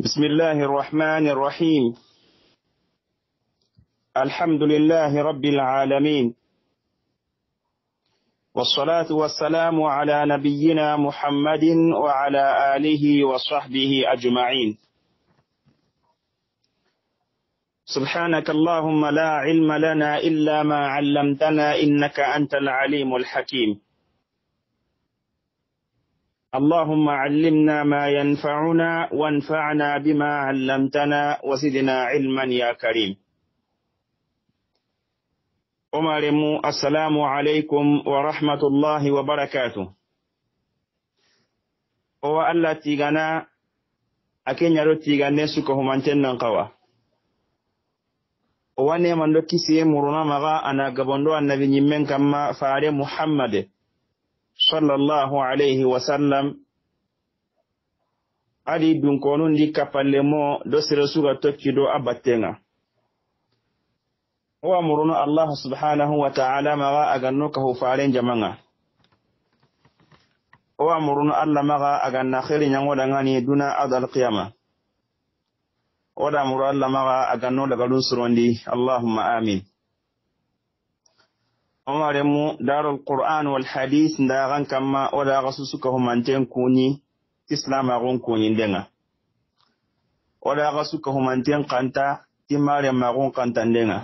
بسم الله الرحمن الرحيم الحمد لله رب العالمين والصلاة والسلام على نبينا محمد وعلى آله وصحبه أجمعين سبحانك اللهم لا علم لنا إلا ما علمتنا إنك أنت العليم الحكيم اللهم علمنا ما ينفعنا وانفعنا بما علمتنا وزدنا علما يا كريم umaremu assalamu alaikum wa rahmatullahi wa barakatu owa allah tigana a kenyaro tigane suka humanten nan kawa owa neman do kisiye muruna maga ana gabondo annabi nyimmen kamma fare Muhammad. sallallahu alayhi wa sallam adi dunkonundi kapallemo do sere suga tokkido do battenga owa muruno allah subhanahu wa ta'ala maga aganno ka hufaren jamanga owa muruno allah maga aganna heri yangodangani duna ado alqiyama oda muru allah maga aganno dagalun surondi allahumma amin omaremu darul qur'an wal hadis da ran kama oda gasu suka humanten kuni islam agun kuni denga oda gasu ka humanten kanta timare magun kanta denga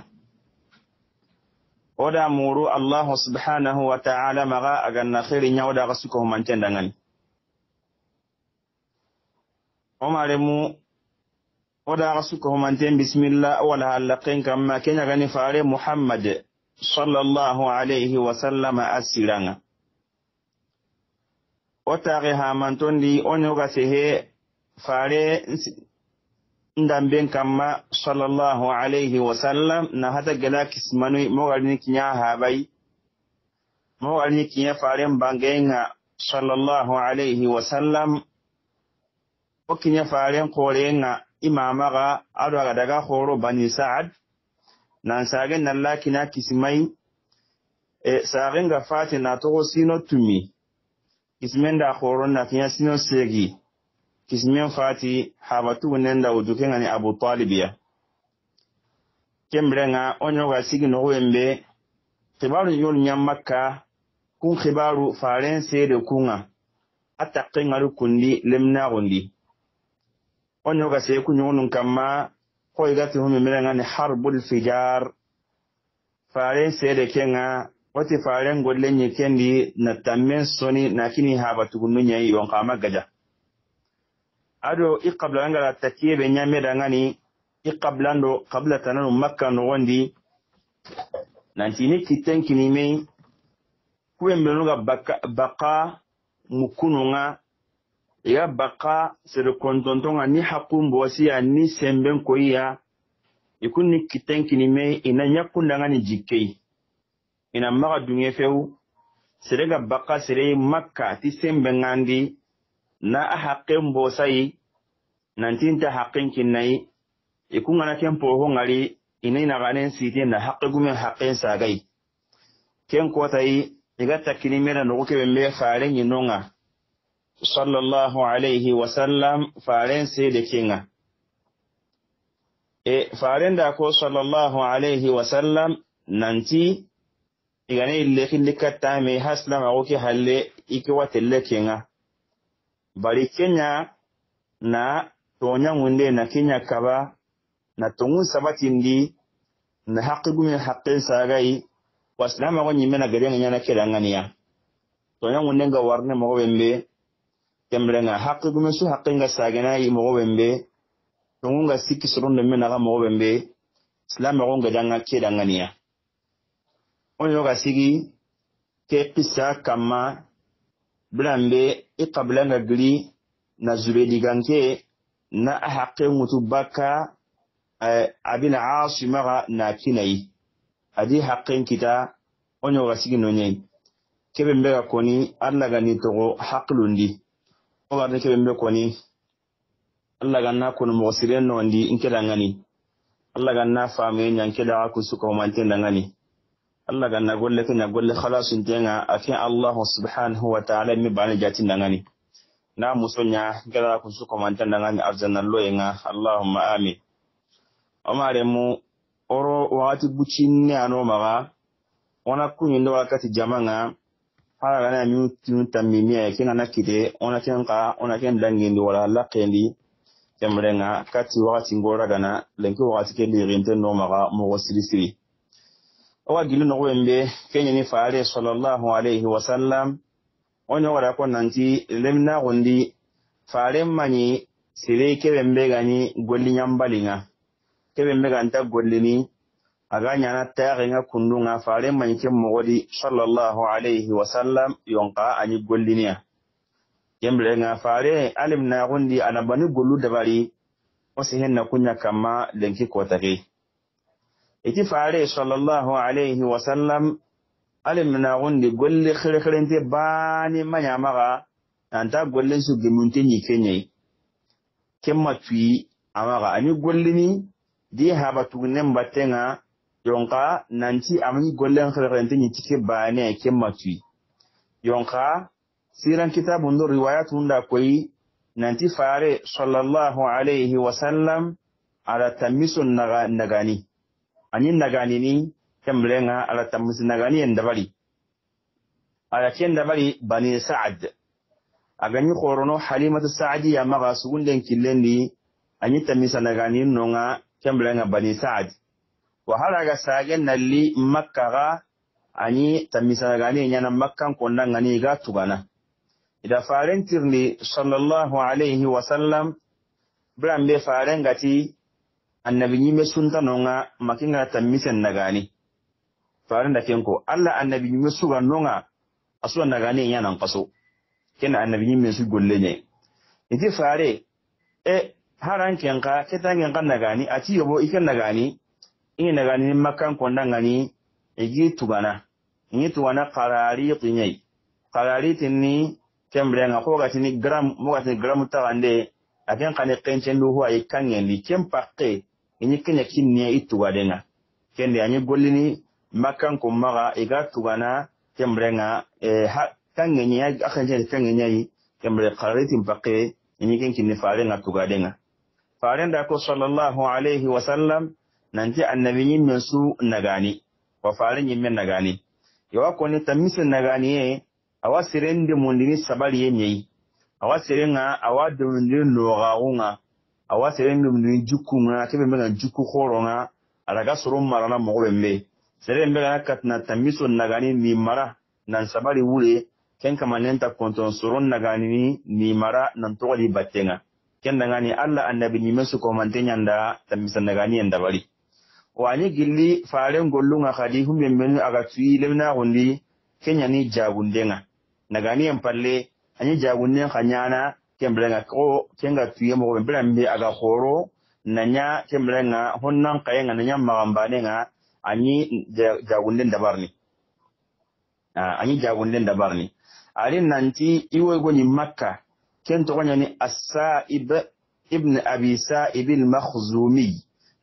oda muru allah subhanahu wa ta'ala maga agan na khairi nya oda gasu ka humanten dangan omaremu oda gasu ka humanten bismillah wala halaqin kama kenya gani fare muhammad sallallahu alayhi wa sallam asiranga o taxi hamantondi o ñoga sehe fare ndamben kamma sallallahu alayhi wa sallam na hata gela kismanui mogalini kiña habay mogalini kiña faren bangenga sallallahu alayhi wa sallam o kiña faren korenga imamaga aɗo daga horo bani saad nan sagen nan lakina kisimai e eh, sagen ga fati na togo sino tumi kismen da horon na kinya sino segi kismen fati habatu nen da uduke ngani abu talibiya kembre nga onyo ga sigi no wembe kibaru yol nyamaka kun kibaru faren sede kunga atta kengaru kundi lemna gundi onyo ga se kunyo nun kama koygati humi mirenga ni harbul fijar fare sede kenga wati faren nyi kendi na tammen soni nakini haba tugunnu nyai yonkama gaja ado i kabla ngala takiyebe nyameda ngani i ndo kabla tananu makka nogondi nantini kitten ni kuɓe kuwe ga baka mukununga nga ya baka sere ni hakun ya ni sɛnbɛn koyiya i kun ni kitɛn me ina na ɲakundanga ni jikei ina maka maga fewu sere ka baka sere makka ti sembe ngandi na a hakken bɔsa yi nantin ta hakken kinnayi yi kun kana kɛn pɔgɔ ŋari ina ina naganen siten na hakke gumen hakken sagai kyan kɔta yi i ta kinimɛ na nɔgɔ kɛbɛn bɛ faare ɲinɔ sallallahu alaihi wasallam faren sai da kinga. E faren da ko sallallahu alaihi wasallam nanti igane ilekin dikatta mai haslan a wuki halle iki wata kinga Bari kenya na tonya wunde na kenya kaba na tungun sabatin di na haƙi gumin haƙin sagai wasu na magon yi mena gari na kira ganiya. Tonya wunde ga warne mago bembe kemrenga hakki gume su hakkinga saganayi mogo ɓembe tongunga siki soronde me naga mogo ɓembe silamagonga danga niya on ga sigi ke kisa kama bilanbe i e nga gili na zube diganke na a hakke abin bakka eh, abina asimaga na kinai adi hakken kita on yoga sigi ke bembe ga koni allah ga ni togo hakkilundi ke keɓen ɓe koni allah kun mo sire no ndi in keɗa ngani allah ganna famuye ñan keɗaxa kun suka homantenɗa ngani allah na golle ke ña golle halasuntenga aken allahu subhanahu wa taala mi bani jatinɗa ngani na muso ña keɗaxa kun suka homantenɗa gani arjanalloyenga allahumma amin mu oro ne anoma ga ona kunyi ndo wakati jamanga ala la na min tinu tammi mi ya kina na kide ona ken ka ona ken dangendi wala la kendi kemrenga kati wakati ngora gana lenki wakati ke lirinte no maga mogo sirisiri owa gilu nogo embe kenya ni faare sallallahu alaihi wasallam onyo wara ko nanti lemna gondi faare mani sire kebe mbe gani golli nyambalinga kebe mbe ganta gollini ga ya tayaxenga kundunga faren maɲike moxodi salallahu alayhi wasallam yonka ani golliniya kembirenga fare alimnaxundi anabani gollu dabari wo sehen na kunya kama lenki kotaki iti fare salallahu alayhi wasallam alimnaxundi golli xirexirente bani maɲamaxa nanta gollen su gemunte ɲikeɲei kemma tuyi amaxa ani gollini di habatugunen battenga yonka nanti amani gollen khalqanti ni tike bane ke matui yonka siran kitabu ndo riwayatu da koyi nanti fare sallallahu wa sallam ala tamisun nagani ani nagani ni kemlenga ala tamisun nagani ndabali ala ken ndabali bani sa'ad agani khorono halimatu sa'adi ya maga sugunden killendi anyi tamisa nagani nonga kemlenga bani sa'ad sage nalli makka ga ani tammisanagani nyana makkan konda ngani ga tubana ida faren tirni sallallahu alaihi wa sallam biran be faren gati annabi me sunta nonga makinga tammisen nagani faren da kenko Allah annabi nyime suga nonga asuwa nagani nyana kaso kina annabi me su golle ne iti fare e haran kenka ketangen kenka nagani ati yobo ikin nagani ini naga ni makkan konda ngani igi tugana ni tugana qarariti nyai qarariti ni kembere nga ko gatini gram moga gatini gram tagande aken kane kenchen du huwa ikangendi kempakke ini kenya kinniya itugadenga kende anyi gollini makan ko ega iga tugana kembere nga eh, kangenya akenchen kangenya yi kembere qarariti mpakke ini ken kinni faringa nga tugadenga faare nda ko sallallahu alaihi wasallam annabi yin min su gani wa farin yin na gani yawa ko ne tamisin nagani ye awa siren da mundini sabari ye a awa siren nga awa da mundini loga nga awa siren da mundini juku nga tebe mega juku khoro nga araga soro marana mo be me na ta katna na gani ni mara nan sabari wule ken kamanenta konton soron na gani ni mara nan togoli battenga ken dangani alla annabi ni mesu ko mantenya nda tamisan nagani en dabari wani gilli faren gollunga kadi humben benu aga tuyi lemna hundi kenya ni jagundenga nagani en palle anyi jagunden kanyana tembrenga ko kenga tuye mo brambe aga horo nanya tembrenga honnan kayenga nanya magambane nga anyi jagunden dabarni anyi jagunden dabarni ari nanti iwe goni makka ken to gonyani as-sa'ib ibn abi sa'ib al-makhzumi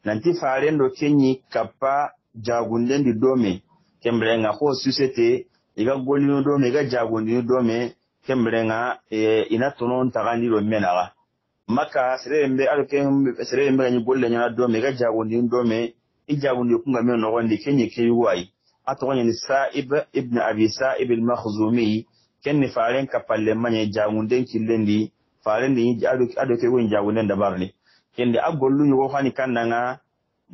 nanti do kenyi kappa jagundendi dome kemrenga ho susete iga golino dome iga jagundini dome kemrenga e, ina tonon tagandiro menaga maka serembe alo serembe ganyi golle nyana dome iga jagundini dome i jagundi kunga meno nogondi kenyi keyuwai ni saib ibn abi saib al-makhzumi kenni faren kappalle manye jagunden killendi farendi ado won jagunden dabarni kende a gollu ɲogo hani kan nagani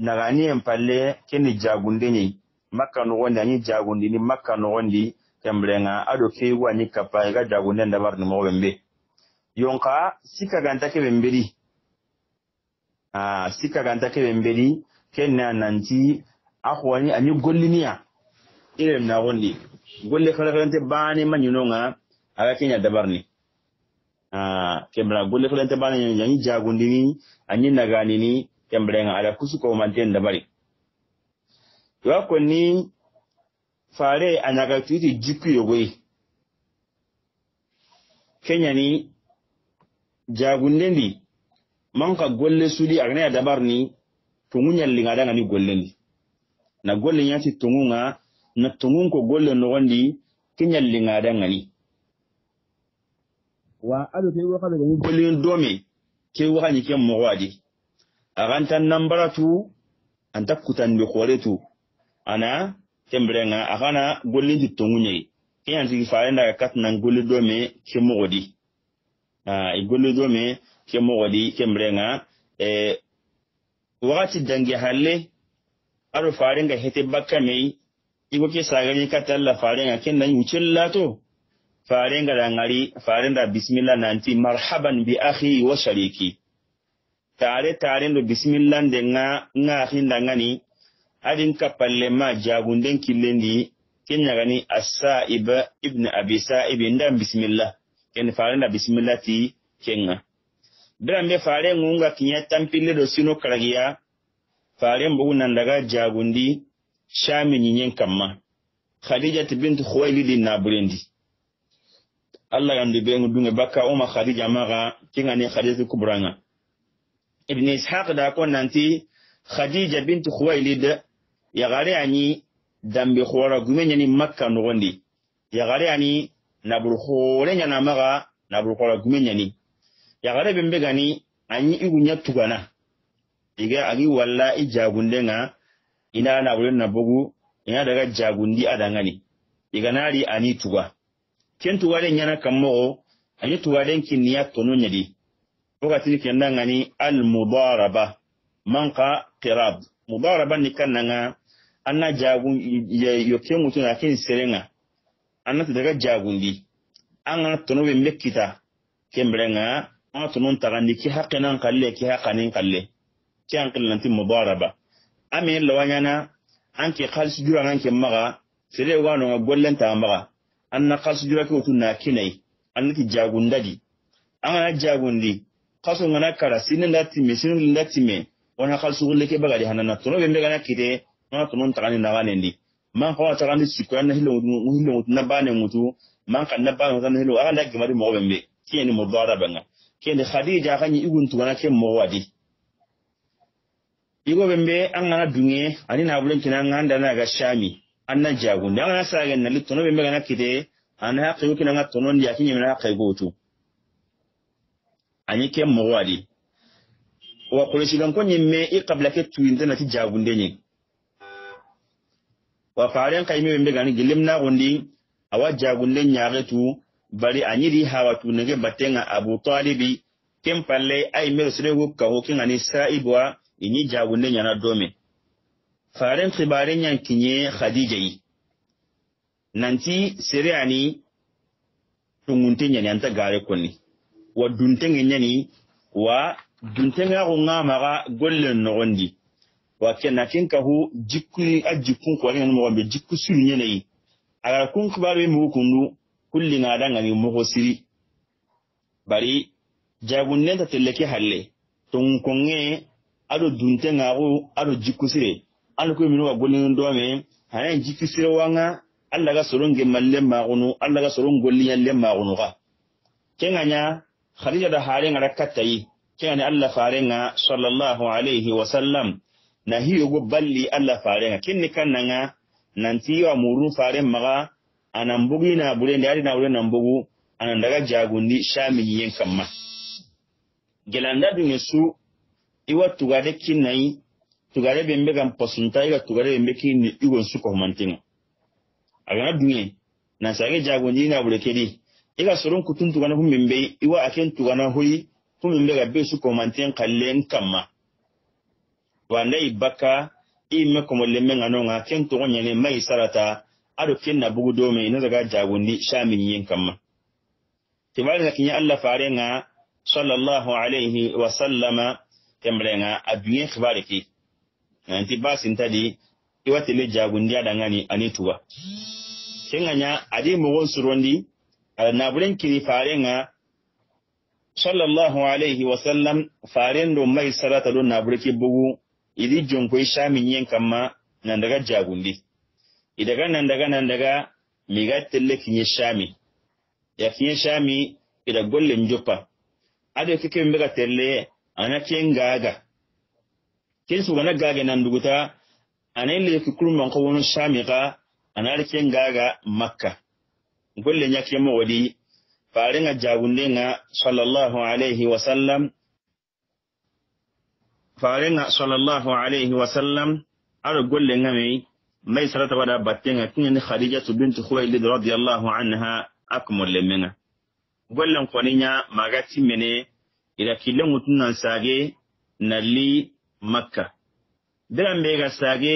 naganiyen palle keni jagundenye maka nogondi ani jagundi ni makka nogondi kembirenga ado feigu ani kapa iga jagunden dabar ni bembe yonka sika ganta ke bemberi a ah, sika ganta ke bemberi kenna nanti akwani ani golliniya irin nagondi golle kala kalante bani manyinonga aga kenya dabar Ah, kembra golle fulante bana yani ni anyi naganini nga ala kusuko manten da bari ko ni fare anyaga tuiti jiku yogoi kenya ni jagundendi manka golle suli agne ya bari ni tungunya lingadanga ni gollendi na golle nyati tungunga na tungun ko golle nogondi kenya lingadanga ni wa ado ke wa kada ni bolin dome ke wa ni a mawadi agantan nambaratu anta kutan bi khoretu ana tembrenga agana golin ditongunye ke anti faenda kat nan golli dome ke mawadi a golli dome ke mawadi tembrenga e wakati dange halle aro farenga hete bakka mai igo ke sagani katalla farenga ken nan wucin lato farin ga dangari faren da bismillah nanti marhaban bi akhi wa shariki tare tare da bismillah da nga nga hin da ngani adin kapalle ma jagunden killendi kenya gani as-sa'ib ibn abi sa'ib inda bismillah ken farin da bismillah ti kenga biran me farin ngunga kinya tampile do sino karagiya farin bu nan daga jagundi shami nyinyen kamma khadijat bint khuwailid na burendi allah yande ɓe dunge bakka oma khadija maga kegani khadijatu kubranga Ibn ishaq da ko nanti khadija binti khuwailid gare ani dambe khora gumenyani makka ya gare ani naburu khore nyana maga naburu Ya gumenyani yagare bembe gani anyi igunya tugana iga agi walla ijagunde nga ina na nabogu ina daga jagundi adangani nali ani tuga ken tuwaren yana kan mogo ani tuwaren kinniya tono nyadi wakatini kenda ngani al mudaraba manka qirab Mubaraba ni kan nanga anna jagun yake mutu na kin serenga anna daga jagundi an ga tono be mekita kembrenga an tono ni ki haqinan kalle ki haqanin kalle ki an nanti mubaraba ame lawanyana an ke kalsi jura an ke maga sere wano ga gollen ta maga na kasu jura ko tun na kinai an jagundadi jagun jagundi kasu ngana kara sinin lati me sinin lati me wana kasu gulle ke bagadi hanana tono be megana kite na tono takani na ndi man ko ta gandi sikoya na hilo hilo na bane mutu man kan na bane na hilo na gimari mo bembe kiyani mo dara banga kiyani khadija kanyi igun tugana ke mo wadi igo bembe angana dunye anina na kina nganda na ga shami anna jagunde na sagen nali tono ɓe megana kite ana haqigu kinanga tonondi aki ñemina haqigotu Anyi ke mogo adi wa kolosiganko ñimme i kabila ke na ti jagunde ndenye wa faren kayimi ni gilim na gondi awa jagunde ñagetu bari añidi hawatu nege batenga abu talibi ken palle ayi mero seregu kaho kengani saibwa jagu jagunde na dome farin kibaren yankin ye khadija yi nan nanti siriya ne tunguntin yani ta gare kunni wa duntin ne wa duntin ya kun ngama ga gollen no gondi wa kenna kin ka hu jikku a jikkun ko ngam mo be jikku sulu nyene yi aga kun kibaru mu kunu kulli na danga ni mo siri bari jagunne ta tallake halle tun konge ado duntin ga ko ado jikun sire an ko minu wa golin do me hayan jiki sire wanga alla ga soron ge malle magunu alla ga soron golli yalle magunu ga kenganya khadija da hare ngara kattayi kenganya alla fare nga sallallahu alaihi wa sallam na hiyo go balli alla fare nga kinni kannanga nanti wa murun fare maga anan bugi na bure da na bure nan bugu anan daga jagundi shami yin kamma gelanda dunya su iwa tuga de kinai tugare be mbe kan pasunta iga tugare be ki ni igon su ko a agana dunye na sage jago ni na bure kedi iga soron kutun tugana hum mbe iwa aken tugana hoyi hum mbe ga be su ko mantin kallen kamma wanda ibaka ime komo lemme ngano nga ken to nyane mai sarata ado ken na bugu dome ina daga jago ni shamin yin kamma tibali kinya Allah fare nga sallallahu alaihi wa sallama kemrenga abiye khibare ki nanti eh, ba sintadi iwatele jagundiya dangani ani tuwa kenganya adi mogon surondi ala eh, nabulen kiri farenga sallallahu alaihi wasallam faren do mai salata do nabuleki bugu idi jonkoi shami yen kamma nan daga ndi idaga nan daga nan daga miga telle kinye shami ya kinye shami ida gollen joppa ado kike mbega tele ana kengaga ken sugana gage nan duguta anan lefi kurman ko wani shamika ana rikin gaga makka gulle nyake mo wadi faringa jagundenga sallallahu alaihi wa sallam farenga sallallahu alaihi wa sallam ar golle ngame mai sarata wada battenga tinya khadija bintu khuwailid radiyallahu anha akmol lemenga gollen koninya magati mene ila kilin mutunan sage nalli makka diran be ga sage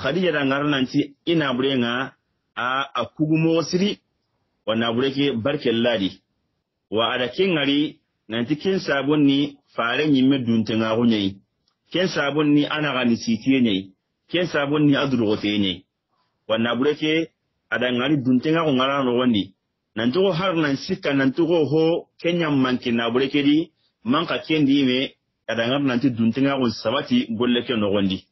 khadija da ci ina bure nga a akugu siri wana bure ke barkel ladi wa ada kin ngari nanti kin sabon ni fare nyimme dunte nga hunyai kin sabon ni ana ni sitiye ne kin sabon ni adurgote ne wana bure ke ada ngari dunte nga ngara no nan to har nan sikka to ho kenya manki na bure ke di ka kendi me adangar nanti duntinga un sabati golle ke gondi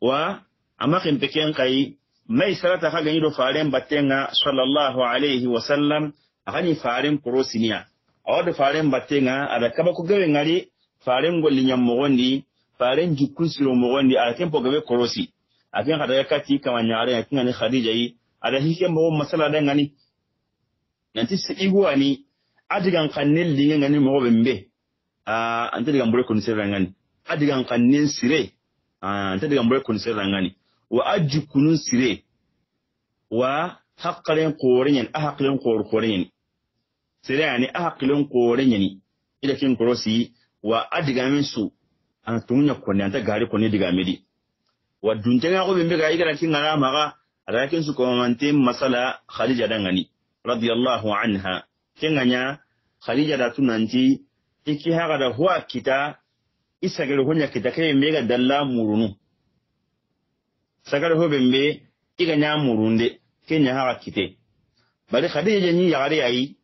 wa amma kin peken kai mai sarata ka gani do faren battenga sallallahu alaihi wa wasallam akani faren korosiniya do faren battenga ada kaba ko gawe ngari faren golli nyam mogondi faren jukun siro mogondi ada tempo gawe korosi akin kada kati kama nyare akin ngani khadija yi ada hike mo masala da ngani nanti se ni adigan kannel lingen ngani mo be mbe Ah, an diga digan bure kun sirra ngani adigan ah, kannen sire ah, an diga digan bure kun sirra ngani wa adju kunun sire wa haqqalen qorinyen a haqqalen qor qorinyen sire yani a haqqalen qorinyen ida kin si wa adigamin su an tunya kunne anta gari gari diga medi wa dunjanga ko bimbe ga igara kin ngara maga arakin su komante masala khadija dangani radiyallahu anha kin nya khadija da tunanti iki haga da huwa kita gari hunya kita kai me ga dalla murunu sagar hobe me iga nya murunde kenya haga kite bari khadija ni yagare ayi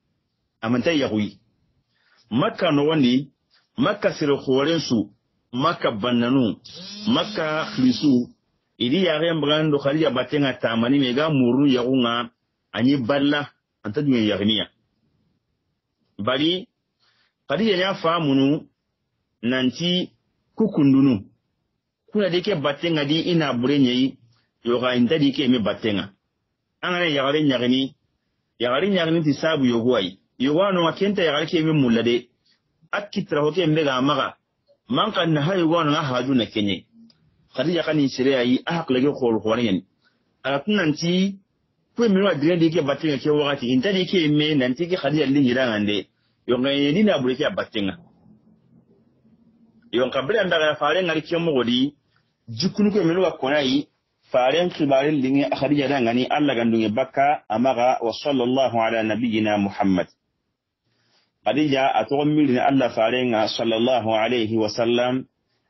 amanta maka makka no wani makka sir khoren su makka bannanu makka khlisu idi yare mbran do khadija batenga tamani me ga murunu yagunga anyi balla anta dunya yagniya bari Khadija ya famu nanti kukundunu kuna dike batenga di ina burenye yi yoga inda dike me batenga angare yagare nyagani yagare nyagani ti sabu yogwai yogwano akenta yagare ke me mulade akitra hoke mbega amaga man kan na hayi gwana na haju na kenye khadija kani shirya yi a hakla ke khol khwarin ala tunanti kwe mirwa dire dike batenga ke wakati inda dike me nanti ke khadija lingirangande yonga yeni na buri ya batenga yonga kabila ndaga fare ngari kyo mogodi jikunu wa kona wakonai faren kibarin lingi khadija da ngani Allah gandunge baka amaga wa sallallahu ala nabiyyina muhammad khadija mili milini Allah faren nga sallallahu alaihi wa sallam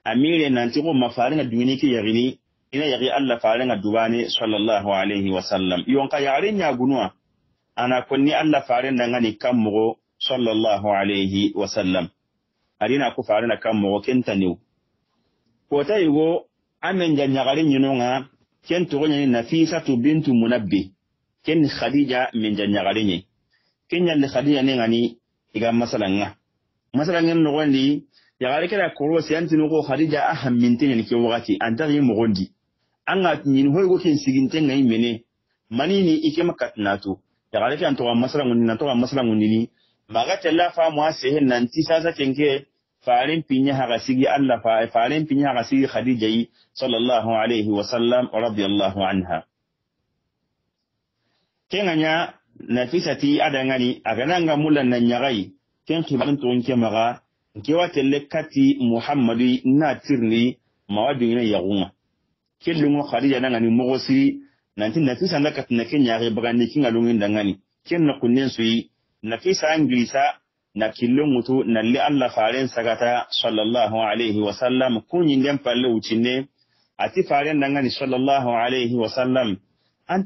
amire nanti ko mafaren nga duwini ke yagini ina yagi Allah faren nga dubani sallallahu alaihi wa sallam yon ka yare nya gunwa ana konni Allah faren nga ni kammo sallallahu alaihi wa sallam adina ku farina na mo kenta ne. ko ta yugo amen jan nyagarin yinunga ken to gonya nafisatu bintu munabbi ken khadija min jan garin ni ken yan khadija ne ngani iga masalan nga masalan ngin ya gari kira kuro sai an tinu ko khadija aham min tinin ke wakati antari an gondi anga nyin hoygo ken siginte ngai mene manini ike Ya gari kan to masalan ngoni na to masala ngoni maga talla fa mo sehen nan ti sasa tenke farin pinya haga sigi Allah fa farin pinya haga sigi Khadija yi sallallahu alaihi wa sallam radiyallahu anha kenganya nafisati adangani agananga mulan nan yagai ken kibarin to nke maga nke wa telle kati Muhammadu na tirni mawadin ne yaguma kellingo Khadija nangani mogosi nanti nafisa ndakati na kenya ga bagani kinga alungin dangani ken na kunnen nafisa an gisa na killin mutu na li Allah farin sagata sallallahu alaihi wa sallam kunyin den ne a ti farin nan ngani sallallahu alaihi wa sallam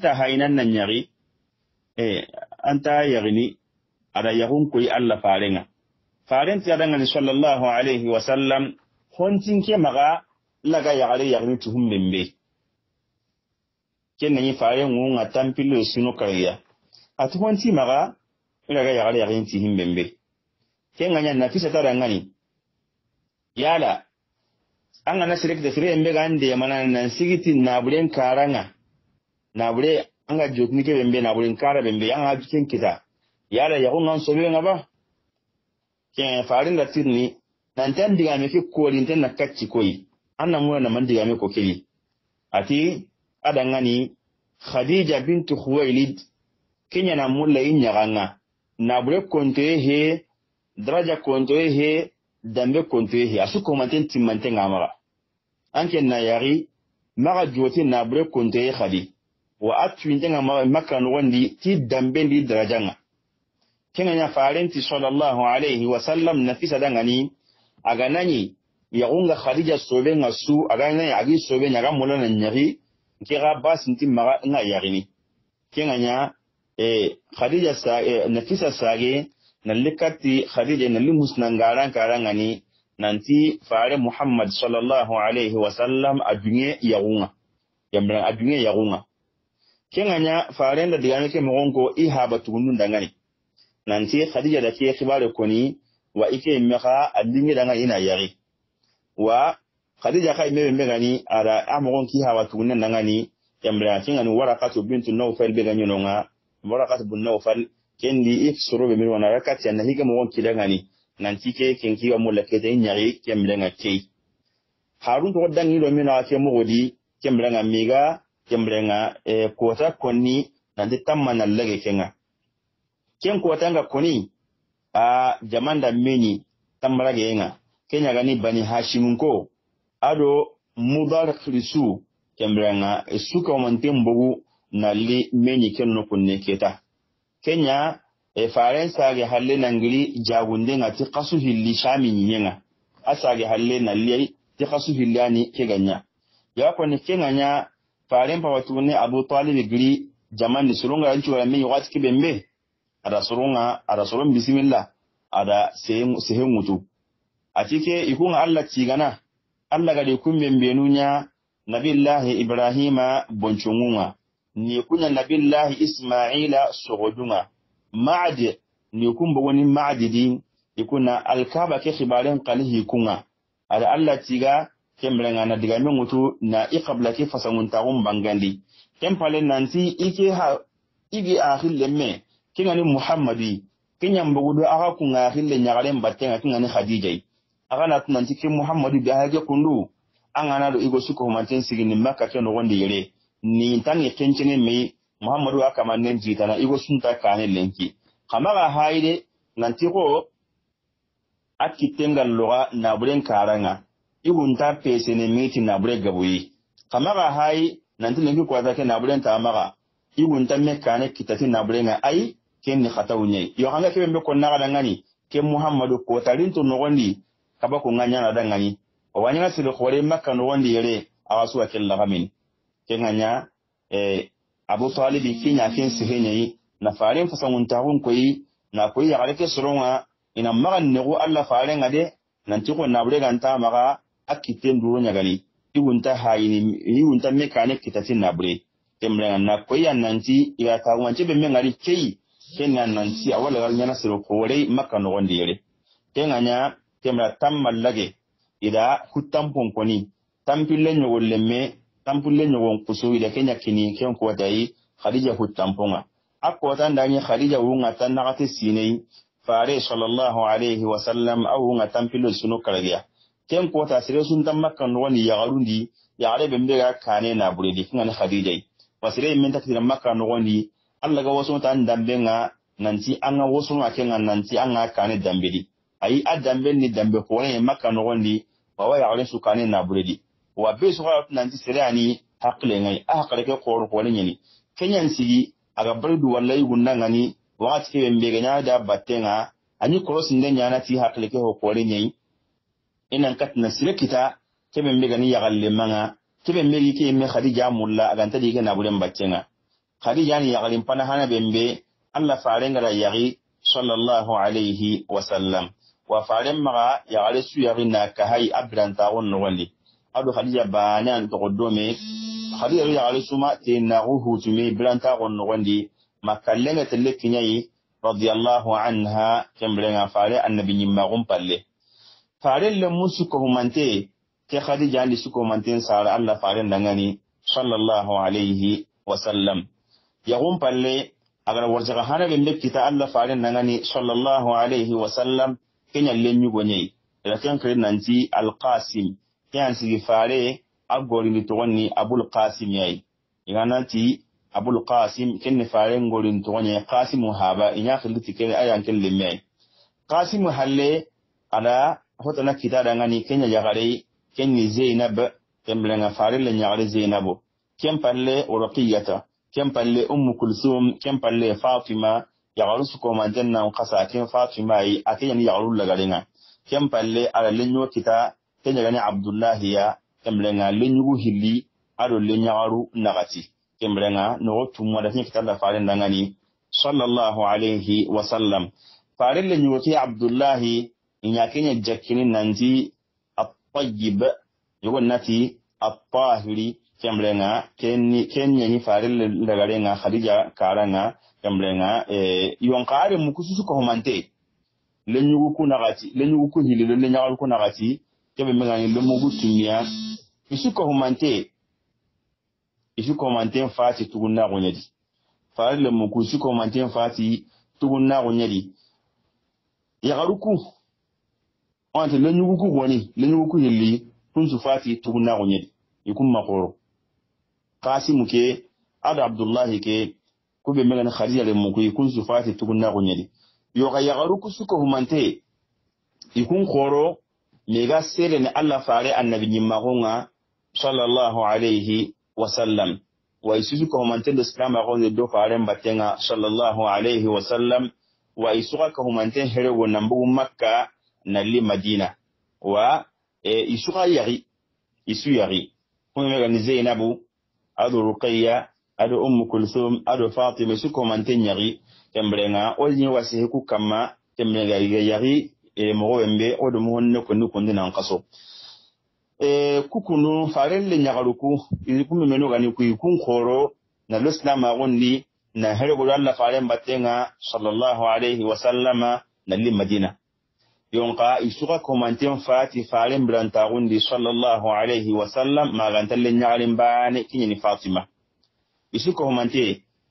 ta hainan nan yari eh anta a ada yahun yi Allah a farin ta adangani sallallahu alaihi wa sallam hontin ke maga laga yare yarini tuhum membe ken nan yi farin ngun atan pillo sino kariya tuhun honti maga ilaga yagare yagin ti himbembe kenga nyan nafisa tara ngani yala an gana sirik da sire mbe gande ya mana nan sigiti na bulen karanga na bule an ga jotni ke bembe na bulen kara bembe an ha jikin kita yala ya kun nan sobe ba ken farin da tirni nan tan diga me ke koli tan na kacci koyi an na na man diga me ko keli ati adangani khadija bintu khuwailid kenya na mulla yin yaganga nabure konto ehe daraja konto ehe dambe konto ehe asu komanten timmante nga maga anke na yari maga juwote nabure konto ehe khadi wa atwinte nga maga maka nuwandi ti dambe ndi daraja nga kenga nya farenti sallallahu alaihi wasallam nafisa dangani aga nanyi yagunga khadija sobe nga su aga nanyi agi sobe nya ga mulana nyari nke ga nti mara nga yarini kenga nya likati eh, khadija eh, na limus sage nallikati khadija gani na nti fare muhammad sallallahu alaihi wasallam ya yagunga yamran adunye kin anya fare diga ne ke mogonko tunun da gani na nti khadija da ke ko koni wa ike mekha adinye danga ina yari wa khadija kai me gani ara amugon ki hawa da gani yamran anu warakatu bintu nawfal begani nonga warakat bun nawfal kendi ifsuru min wana rakat ya nahiga mo won nanti ke kenki wa mulla ke tan nyari kemlenga kei harun to dan do min ake mo kemlenga miga kemlenga e eh, kota konni nanti tamma lege kenga ken kota nga koni a jamanda meni tamara genga kenya gani bani hashimun ko ado mudar krisu kemlenga suka mantin bugu nalli meni no kunne keta kenya e faren sage halle nangiri jagunde nga ti kasu hilli shami nyenga asage halle nalli ti kasu hillani keganya ya ko ni keganya faren pa ne abu talib giri ni surunga yanchu wala meni wati bembe ada surunga ada surun bismillah ada sehemu sehemu tu atike ikunga allah tigana alla gade kumbe mbenunya nabillahi ibrahima bonchungunga ni kunya nabillahi ismaila sogodunga maadi ni kumba wani maadidi ikuna alkaba ke khibaren kali kunga, ada allah tiga kemrenga na diga mengutu na ikabla ke fasanguntagun bangandi kempale nanti ike ha igi ahille kinga ni muhammadi kinyan bugudu aka le nyagale mbatenga kinga ni Khadija. aka na tunanti ke muhammadu bi ahage kundu an gana do igo suko humanten sigini makka ke no yere ni tan ye kencene me muhammadu aka mannen jitana igo sunta kane lenki kamaga haide nan ko a kittengal loga buren karanga pese ne miti nabure gabuyi hai hayi nanti lenki ta naburen igun ta me kane kitati naburenga ai ken ni khatau nyai yo hanga ke be konna kada ngani ke muhammadu ko to nogondi kaba ko nganya na dangani o wanyanga silo khore makka nogondi yere awasu akilla gamin kenganya eh, abu talibi kinya kin sihenyayi na farin fasanguntaxun koyi na koyi yaxare ke soronga ina maxan nexu alla farenga de nanti xo nabureganta maxa a kitten duro ɲagani i wunta hayini i wunta me kane kitati nabure temrenga na ya koyi a nanti i ga taxumance be mengari keyi kenga nanti awa lagal ɲana sero koworei makka noxondi yere kenga ɲa temra tan lage ida huttanponkoni tanpille ɲogolle me tampulle ɲɔgɔn kusoyida ke ɲakini ken kuwatayi khadija hu tamponga a kota ndani khadija wunga tan nagati sinei fare sallallahu alaihi sallam a nga tampilo suno karaliya ken kota sire sun tan makkan nogoni yagarundi yagare be mbega kane na buredi kingani khadijai wasire min tira makka ni allah ga wasu tan dambe nga nanti an wasu ma ke nga nanti an kane kane dambedi ayi a dambe ni dambe ko ne makka nogoni wa wa yagare su kane na di wa be soga nanti serani hakle ngai a hakle ke kor ko le nyani kenyan sigi aga bardu wallahi gunna ngani wakati ke be ganya da batenga ani cross nden nyana ti hakle ke ho ko le nyai inan katna sire kita ke be gani ya galle manga ke be megi ke me khadija mula aga ntadi ke na bulen nga khadija ni ya galin pana hana bembe allah farenga da yagi sallallahu alaihi sallam wa faren maga ya gale su yagi na kahai abrantagon nogoli ado khadija bana an togo dome hadija ru yagali suma te nagu hutume bilanta gon nogondi makallenga telle kinyayi radiyallahu anha kembrenga fare annabi nyimmagun palle fare le musuko humante ke hadija andi suko humante sara allah fare ndangani sallallahu alayhi wa sallam yagun palle agar warjaga hana ɓe lekkita allah faren nagani sallllahu alayhi wa sallam keñallen ñugoñayi iraken kre nanti alkasim ken sigi fare a gorini togon ni abul qasim yayi iganati abul qasim kenne fare kasim togon yayi qasim haba inya khilti kene ayan kelle mai qasim halle ada hotana kitada ngani kenya yagare kenni zainab kemblenga fare le nyagare zainabo ken palle urqiyata ken palle ummu kulsum ken palle fatima yagaru sukomanten nan kasa ken fatima yi akeyani yagaru lagarenga ken palle ala lenyo kita kenyagani abdullahi ya kemrenga lenyugu hili ado lenyagaru nagati kemrenga nogo tumma da nyikita da farin dangani sallallahu alayhi wa sallam farin lenyugu ti abdullahi inya kenya jakini nanti atayib yugo nati atahiri tahiri kemrenga kenni kenya ni lagare nga khadija karanga kemrenga e eh, yonkare mukususu ko mante lenyugu kunagati lenyugu kuhili lenyagaru kunagati kebe me gani lomugu tumiya isu isu fati tugunna fari isu fati tugunna ku ku hilli fati tugunna makoro ke ada abdullahi ke kube me gani khadija fati tugunna ikun koro mega sere ni allah fare annabi ñimmaxunga sallallahu alayhi wasallam wa isusu kahumantendo silamaxonde do faren battenga sallallahu alayhi wasallam wa isuka kahumanten herego nambugu makka nalli madina wa e, isuka yari isu yari yaxi kunmegani zeinabu adu ruqayya adu ummu kulthum adu fatima isu kahumanten yaxi tembrenga olñi wasihiku kamma tembrenga yiga yaxi E mɔgɔ bɛ n bɛ o de mɔgɔ ne kɔni kun tɛna n kaso ee, kukunu faren le ɲagaruku kun min bɛ gani kuyi kun koro na lo silama gondi na hɛrɛ godo alla faren batenga sallallahu alaihi wa sallama na li madina yonka isuka komanten faati faren bilanta gondi sallallahu alaihi wa sallam magantan le ɲagarin bane ni fatima isu komante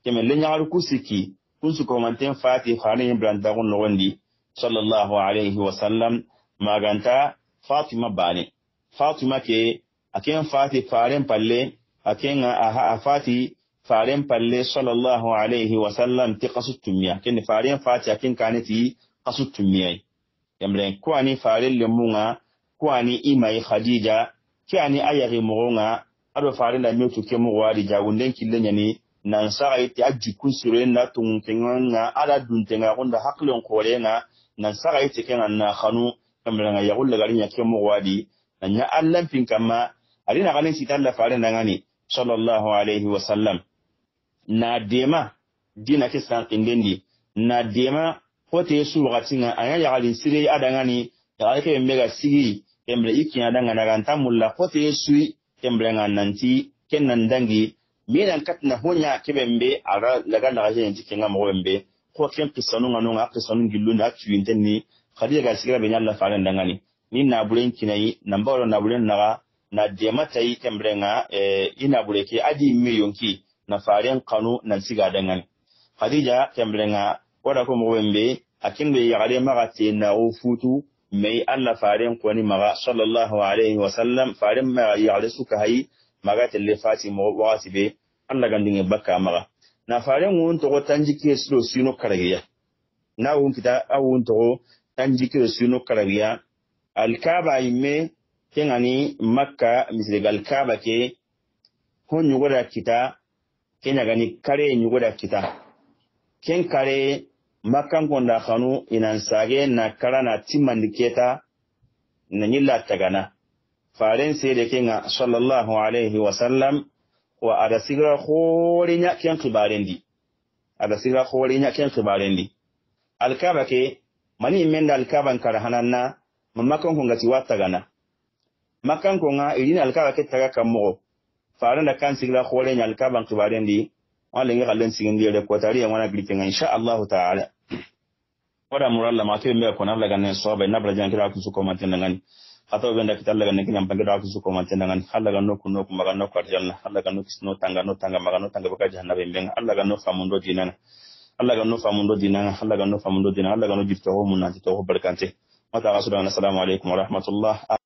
kɛmɛ le ɲagaruku siki kun su komanten fati faren bilanta gondi sallallahu alaihi wa sallam maganta fatima bane fatima ke aken fati faren palle aken a fati farin palle sallallahu alaihi wa sallam ti kasuttumiya kin farin fati aken kane ti kasuttumiyai yamren kuani faren lemunga kuani imai khadija kiani ayari mugonga ado farin da mutu ke jawunden kilenya ni nan saga ite ajikun siren na tunkenga ala tenga kunda haklon korena nan saka ite ken na khanu kamra nga yagul laga rinya ken mu wadi nan ya allan pin kama alina ganin si talla fare nan ngani sallallahu alaihi wa sallam na dema dina ke san kindendi na dema ko hote su wakati nga anya yagalin sire adangani yagalike mega sigi kembre ikin adanga naga ko hote su kembre nga nanti ken nan dangi minan katna honya kebe mbe aga laga laga jen jikinga mo mbe ko kisanun kisanu a kisanun kisanu gillu na tuin tenni khadija ga sigira be nyalla faran dangani ni na eh, bulen kinai na mbawlo na bulen na na mata yi kembrenga e ina buleke adi mi yonki na faran kanu na siga dangani khadija kembrenga wada ko mwembe akinbe yagare magate na ofutu mai alla faran kwani maga sallallahu alaihi wasallam faran mai yare suka hayi magate le fatima wasibe Allah gandin bakka maga na faren wun togo tanjikire silo sino karagiya na wun kita a wun togo tanjikire sino karagiya alkaba imme kengani makka misiri alkaba ke hon nyugoda kita kenyagani kare nyugoda kita ken kare makka konda kanu inan sage na kara na timmandi keta na nyilla tagana faren sai da kenga sallallahu alaihi wasallam wa aɗa sigira hoore ñakken kibarendi aɗa sigira hoore ñakken kibarendi alkaba ke mani immenda alkaban kara hananna ma makkanko ngati wa tagana makkanko nga idini alkaba ke taga kam mogo faranda kan sigira hooreña alkaban kibarendi wa lenge kallen sigindiyere kotari e wana gilikenga inchallahu taala waɗa muralla matoɓe mbiya ko nablaganne kira e nabla jankira kusukomantenna ngani hato ɓe ndaki allah ganne kiñam bangeɗo hako suko mante dagan allah ganno kunno ko maganno ko arjalna allah ganno kisno tanga no tanga tanga baka mbenga famundo famundo famundo barkante mata wa rahmatullah